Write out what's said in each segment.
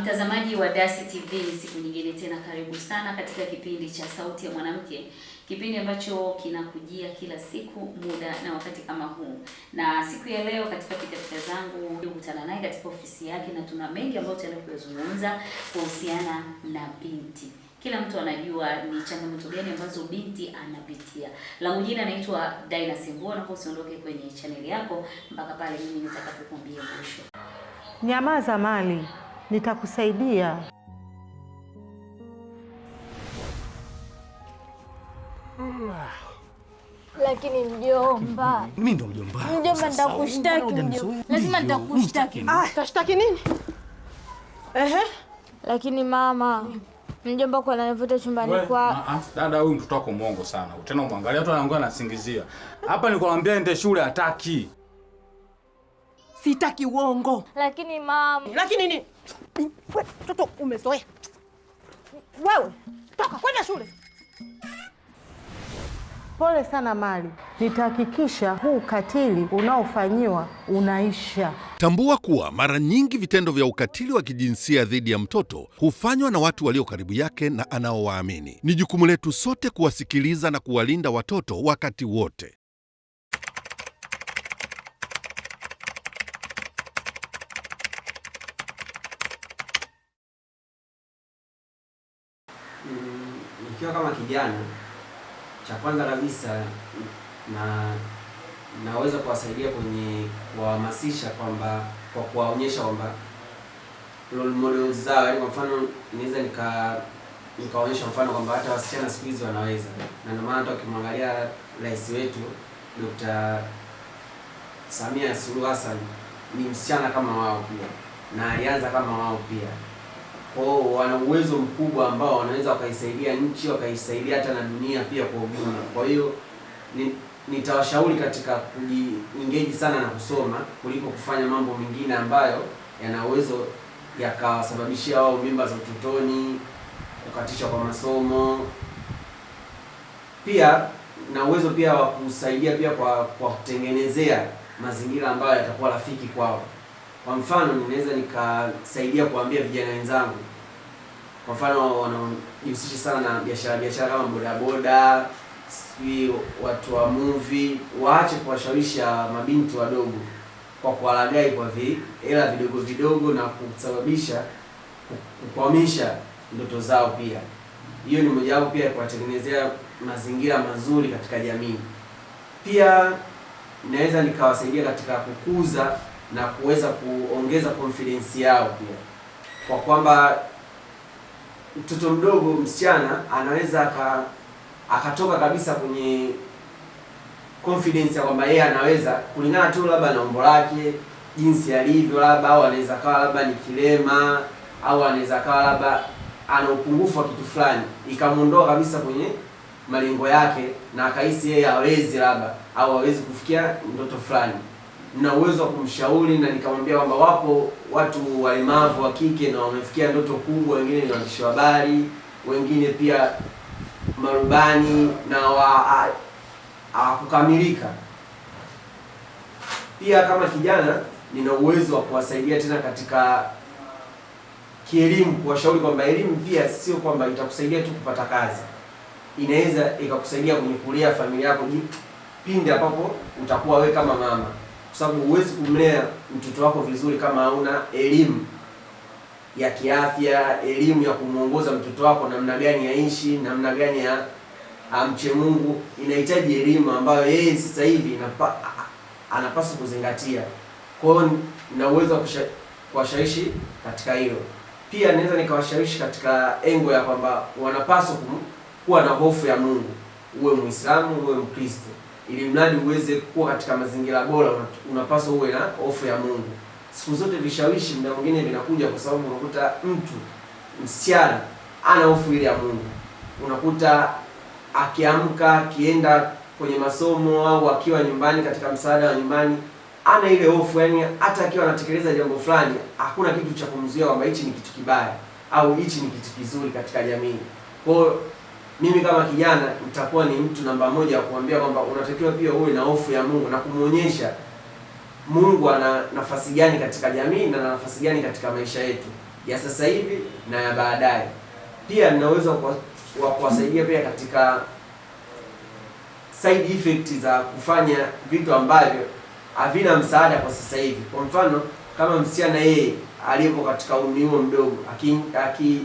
Mtazamaji um, wa Dasi TV, siku nyingine tena, karibu sana katika kipindi cha Sauti ya Mwanamke, kipindi ambacho kinakujia kila siku muda na wakati kama huu. Na siku ya leo katika pitapita zangu nilikutana naye katika ofisi yake, na tuna mengi ambayo tutaenda kuyazungumza kuhusiana na binti. Kila mtu anajua ni changamoto gani ambazo binti anapitia. Langu jina anaitwa Daina Sembua, na usiondoke kwenye chaneli yako mpaka pale mimi nitakapokuambia mwisho. Nyamaza mali nitakusaidia. Lakini mjomba, mimi ndo mjomba. Mjomba, nitakushtaki mjomba, lazima nitakushtaki. Ah, tashtaki nini? Ehe, lakini mama mjomba kwa ananivuta chumbani kwa ah, dada. Huyu mtoto wako mwongo sana, tena umwangalia, tu anaongea anasingizia hapa. Nikwambia ende shule, hataki Sitaki uongo. Lakini mama. Lakini nini? Mtoto umezoea. Wewe toka kwenda shule. Pole sana Mali, nitahakikisha huu ukatili unaofanyiwa unaisha. Tambua kuwa mara nyingi vitendo vya ukatili wa kijinsia dhidi ya mtoto hufanywa na watu walio karibu yake na anaowaamini. Ni jukumu letu sote kuwasikiliza na kuwalinda watoto wakati wote. Mm, nikiwa kama kijana, cha kwanza kabisa na naweza kuwasaidia kwenye kuwahamasisha kwamba kwa kuwaonyesha kwamba role models zao, yaani kwa mfano naweza nika nikaonyesha mfano kwamba hata wasichana siku hizi wanaweza, na ndio maana hata ukimwangalia rais wetu Dr. Samia Suluhu Hassan ni msichana kama wao pia, na alianza kama wao pia kwao wana uwezo mkubwa ambao wanaweza wakaisaidia nchi wakaisaidia hata na dunia pia kwa ujumla. Kwa hiyo ni, nitawashauri katika kujiingeji sana na kusoma kuliko kufanya mambo mengine ambayo yana uwezo yakasababishia wao mimba za utotoni, kukatishwa kwa masomo, pia na uwezo pia wa kusaidia pia kwa kwa kutengenezea mazingira ambayo yatakuwa rafiki kwao. Kwa mfano ninaweza nikasaidia kuambia vijana wenzangu, kwa mfano wanajihusisha sana na biashara biashara kama bodaboda, sijui watu wa movie, waache kuwashawisha mabinti wadogo kwa kuwalagai kwa hela vidogo vidogo na kusababisha kukwamisha ndoto zao. Pia hiyo ni mojawapo pia kuwatengenezea mazingira mazuri katika jamii. Pia naweza nikawasaidia katika kukuza na kuweza kuongeza confidence yao pia, kwa kwamba mtoto mdogo msichana anaweza aka, akatoka kabisa kwenye confidence ya kwamba yeye anaweza kulingana tu labda na umbo lake jinsi alivyo, labda au anaweza kawa labda ni kilema au anaweza kawa labda ana upungufu wa kitu fulani, ikamwondoa kabisa kwenye malengo yake na akahisi yeye hawezi labda au hawezi kufikia ndoto fulani nina uwezo wa kumshauri na nikamwambia kwamba wapo watu walemavu wa kike na wamefikia ndoto kubwa, wengine ni waandishi wa habari, wengine pia marubani na hawakukamilika. Pia kama kijana, nina uwezo wa kuwasaidia tena katika kielimu, kuwashauri kwamba elimu pia sio kwamba itakusaidia tu kupata kazi, inaweza ikakusaidia kwenye kulea familia yako pindi ambapo utakuwa we kama mama kwa sababu huwezi kumlea mtoto wako vizuri kama hauna elimu ya kiafya, elimu ya kumwongoza mtoto wako namna gani yaishi, namna gani ya amche Mungu. Inahitaji elimu ambayo yeye sasa hivi inapa, anapaswa kuzingatia. Kwa hiyo na uwezo wa kuwashawishi katika hilo. Pia naweza nikawashawishi katika engo ya kwamba wanapaswa kuwa na hofu ya Mungu, uwe Muislamu uwe Mkristo ili mradi uweze kuwa katika mazingira bora, unapaswa uwe na hofu ya Mungu. Siku zote vishawishi mda mwingine vinakuja, kwa sababu unakuta mtu msichana ana hofu ile ya Mungu, unakuta akiamka akienda kwenye masomo au akiwa nyumbani katika msaada wa nyumbani ana ile hofu yani, hata akiwa anatekeleza jambo fulani hakuna kitu cha kumzuia kwamba hichi ni kitu kibaya au hichi ni kitu kizuri katika jamii kwao mimi kama kijana nitakuwa ni mtu namba moja wa kuambia kwamba unatakiwa pia uwe na hofu ya Mungu na kumwonyesha Mungu ana nafasi gani katika jamii na nafasi gani katika maisha yetu ya sasa hivi na ya baadaye. Pia ninaweza kwa wa kuwasaidia pia katika side effect za kufanya vitu ambavyo havina msaada kwa sasa hivi. Kwa mfano kama msichana yeye aliyepo katika umri huo mdogo aki, aki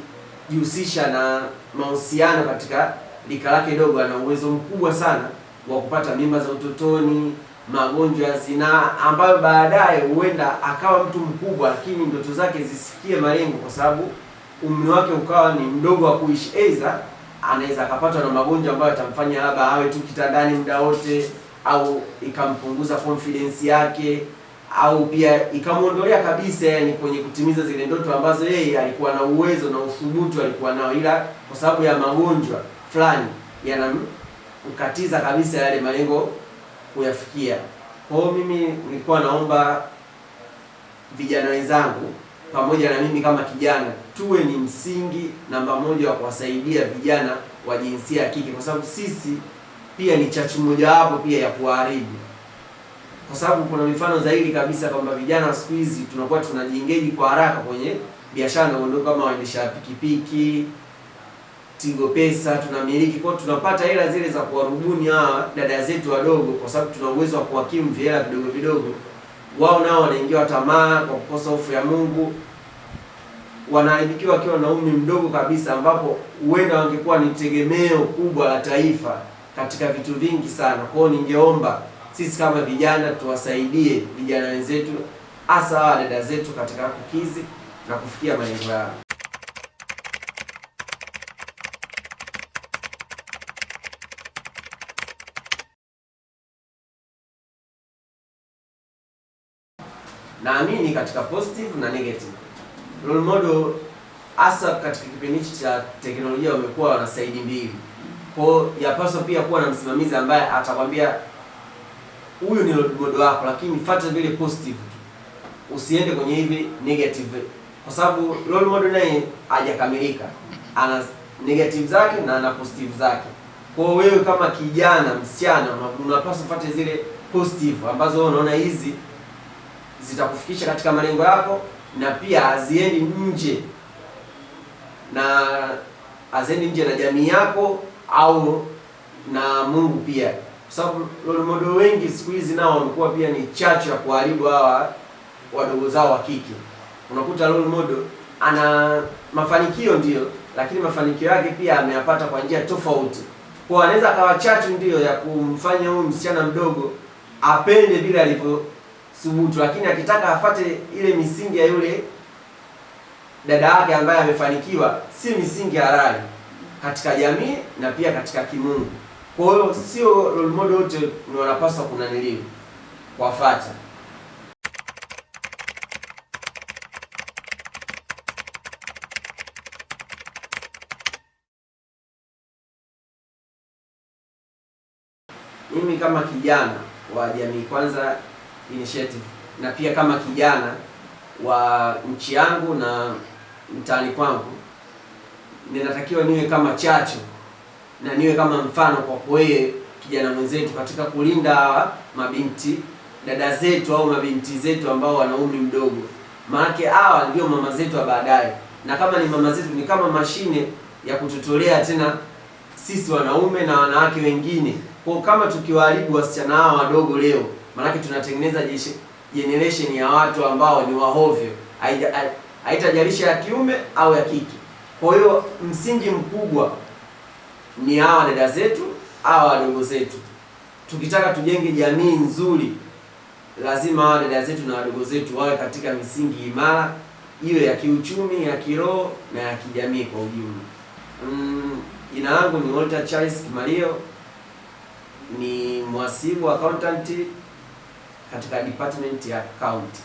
jihusisha na mahusiano katika lika lake dogo, ana uwezo mkubwa sana wa kupata mimba za utotoni, magonjwa ya zinaa, ambayo baadaye huenda akawa mtu mkubwa, lakini ndoto zake zisifikie malengo kwa sababu umri wake ukawa ni mdogo wa kuishi. Aidha, anaweza akapatwa na magonjwa ambayo atamfanya labda awe tu kitandani muda wote, au ikampunguza confidence yake au pia ikamwondolea kabisa yani kwenye kutimiza zile ndoto ambazo yeye alikuwa na uwezo na uthubutu alikuwa nao, ila kwa sababu ya magonjwa fulani yanamkatiza kabisa yale malengo kuyafikia. Kwa hiyo mimi nilikuwa naomba vijana wenzangu pamoja na mimi kama kijana tuwe ni msingi namba moja wa kuwasaidia vijana wa jinsia ya kike, kwa sababu sisi pia ni chachu mojawapo pia ya kuharibu kwa sababu kuna mifano zaidi kabisa kwamba vijana siku hizi tunakuwa tunajiengage kwa haraka kwenye biashara na uondoka kama waendesha pikipiki, Tigo Pesa tunamiliki kwa tunapata hela zile za kuwarubuni hawa dada zetu wadogo, kwa sababu tuna uwezo wa kuwakimu vihela vidogo vidogo. Wao nao wanaingiwa tamaa kwa kukosa hofu ya Mungu, wanaharibikiwa wakiwa na umri mdogo kabisa, ambapo huenda wangekuwa ni tegemeo kubwa la taifa katika vitu vingi sana. Kwao ningeomba sisi kama vijana tuwasaidie vijana wenzetu, hasa hawa dada zetu katika kukizi na kufikia malengo yao. Naamini katika positive na negative role model, hasa katika kipindi hichi cha teknolojia wamekuwa wana saidi mbili kwao, yapaswa pia kuwa na msimamizi ambaye atakwambia huyu ni godo wako, lakini fuata vile positive tu, usiende kwenye hivi negative, kwa sababu role model naye hajakamilika, ana negative zake na ana positive zake. Kwa wewe kama kijana msichana, unapaswa upate zile positive ambazo wewe unaona hizi zitakufikisha katika malengo yako, na pia haziendi nje na haziendi nje na jamii yako au na Mungu pia kwa sababu role model wengi siku hizi nao wamekuwa pia ni chachu ya kuharibu hawa wadogo zao wa kike. Unakuta role model ana mafanikio ndio, lakini mafanikio yake pia ameyapata kwa njia tofauti. Kwa anaweza akawa chachu ndio ya kumfanya huyu msichana mdogo apende vile subutu lakini akitaka afate ile misingi ya yule dada yake ambaye amefanikiwa, si misingi halali katika jamii na pia katika kimungu. Kwa hiyo sio role model wote ni wanapaswa kunaniliwa kuwafuata. Mimi kama kijana wa Jamii Kwanza Initiative na pia kama kijana wa nchi yangu na mtaani kwangu, ninatakiwa niwe kama chachu na niwe kama mfano kwa wewe kijana mwenzetu, katika kulinda mabinti dada zetu au mabinti zetu ambao wana umri mdogo, maanake hawa ndio mama zetu wa baadaye, na kama ni mama zetu ni kama mashine ya kututolea tena sisi wanaume na wanawake wengine. Kwa kama tukiwaharibu wasichana hawa wadogo leo, maanake tunatengeneza generation ya watu ambao ni wahovyo, haitajalisha ya kiume au ya kike. Kwa hiyo msingi mkubwa ni hawa dada zetu, hawa wadogo zetu. Tukitaka tujenge jamii nzuri, lazima hawa dada zetu na wadogo zetu wawe katika misingi imara, iwe ya kiuchumi, ya kiroho na ya kijamii kwa ujumla. Mm, jina langu ni Walter Charles Kimalio, ni mwasibu accountant katika department ya county.